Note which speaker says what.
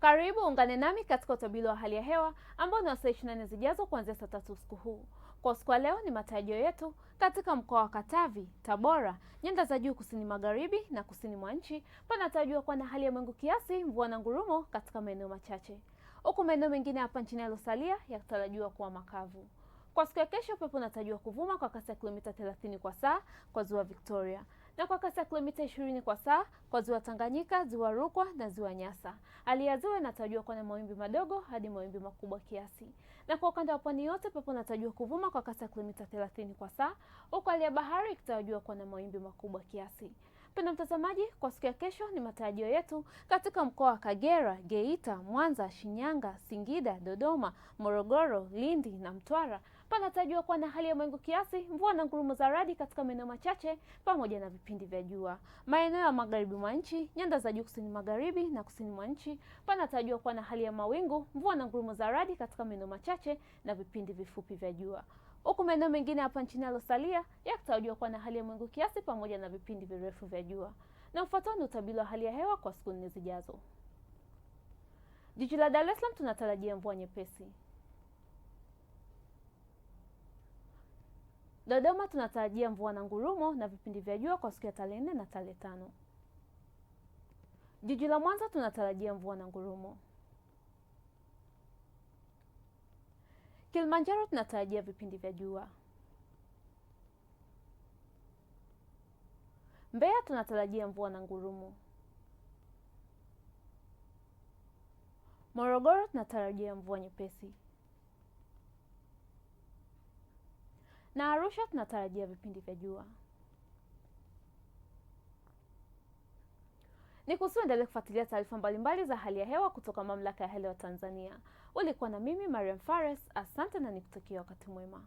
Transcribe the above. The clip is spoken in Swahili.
Speaker 1: Karibu ungane nami katika utabiri wa hali ya hewa ambao ni wa saa 24 zijazo kuanzia saa tatu usiku huu. Kwa usiku wa leo ni matarajio yetu katika mkoa wa Katavi, Tabora, nyanda za juu kusini magharibi na kusini mwa nchi, panatarajiwa kuwa na hali ya mawingu kiasi, mvua na ngurumo katika maeneo machache, huku maeneo mengine hapa nchini yaliyosalia yakitarajiwa kuwa makavu. Kwa siku ya kesho, upepo unatarajiwa kuvuma kwa kasi ya kilomita 30 kwa saa kwa ziwa Victoria na kwa kasi ya kilomita 20 kwa saa kwa ziwa Tanganyika, ziwa Rukwa na ziwa Nyasa. Hali ya ziwa inatarajiwa kuwa na mawimbi madogo hadi mawimbi makubwa kiasi, na kwa ukanda wa pwani yote pepo inatarajiwa kuvuma kwa kasi ya kilomita 30 kwa saa, huku hali ya bahari ikitarajiwa kuwa na mawimbi makubwa kiasi. Mpendwa mtazamaji, kwa siku ya kesho ni matarajio yetu katika mkoa wa Kagera, Geita, Mwanza, Shinyanga, Singida, Dodoma, Morogoro, Lindi na Mtwara panatarajiwa kuwa na hali ya mawingu kiasi, mvua na ngurumo za radi katika maeneo machache pamoja na vipindi vya jua. Maeneo ya magharibi mwa nchi, nyanda za juu kusini magharibi na kusini mwa nchi panatarajiwa kuwa na hali ya mawingu, mvua na ngurumo za radi katika maeneo machache na vipindi vifupi vya jua huku maeneo mengine hapa nchini yaliyosalia yakitarajiwa kuwa na hali ya mawingu kiasi pamoja na vipindi virefu vya jua. Na ufuatao ni utabiri wa hali ya hewa kwa siku nne zijazo. Jiji la Dar es Salaam tunatarajia mvua nyepesi. Dodoma tunatarajia mvua na ngurumo na vipindi vya jua kwa siku ya tarehe nne na tarehe tano. Jiji la Mwanza tunatarajia mvua na ngurumo. Kilimanjaro tunatarajia vipindi vya jua. Mbeya tunatarajia mvua na ngurumo. Morogoro tunatarajia mvua nyepesi. Na Arusha tunatarajia vipindi vya jua. Nikusihi uendelee kufuatilia taarifa mbalimbali za hali ya hewa kutoka Mamlaka ya Hewa Tanzania. Ulikuwa na mimi Mariam Phares, asante na nikutakia wakati mwema.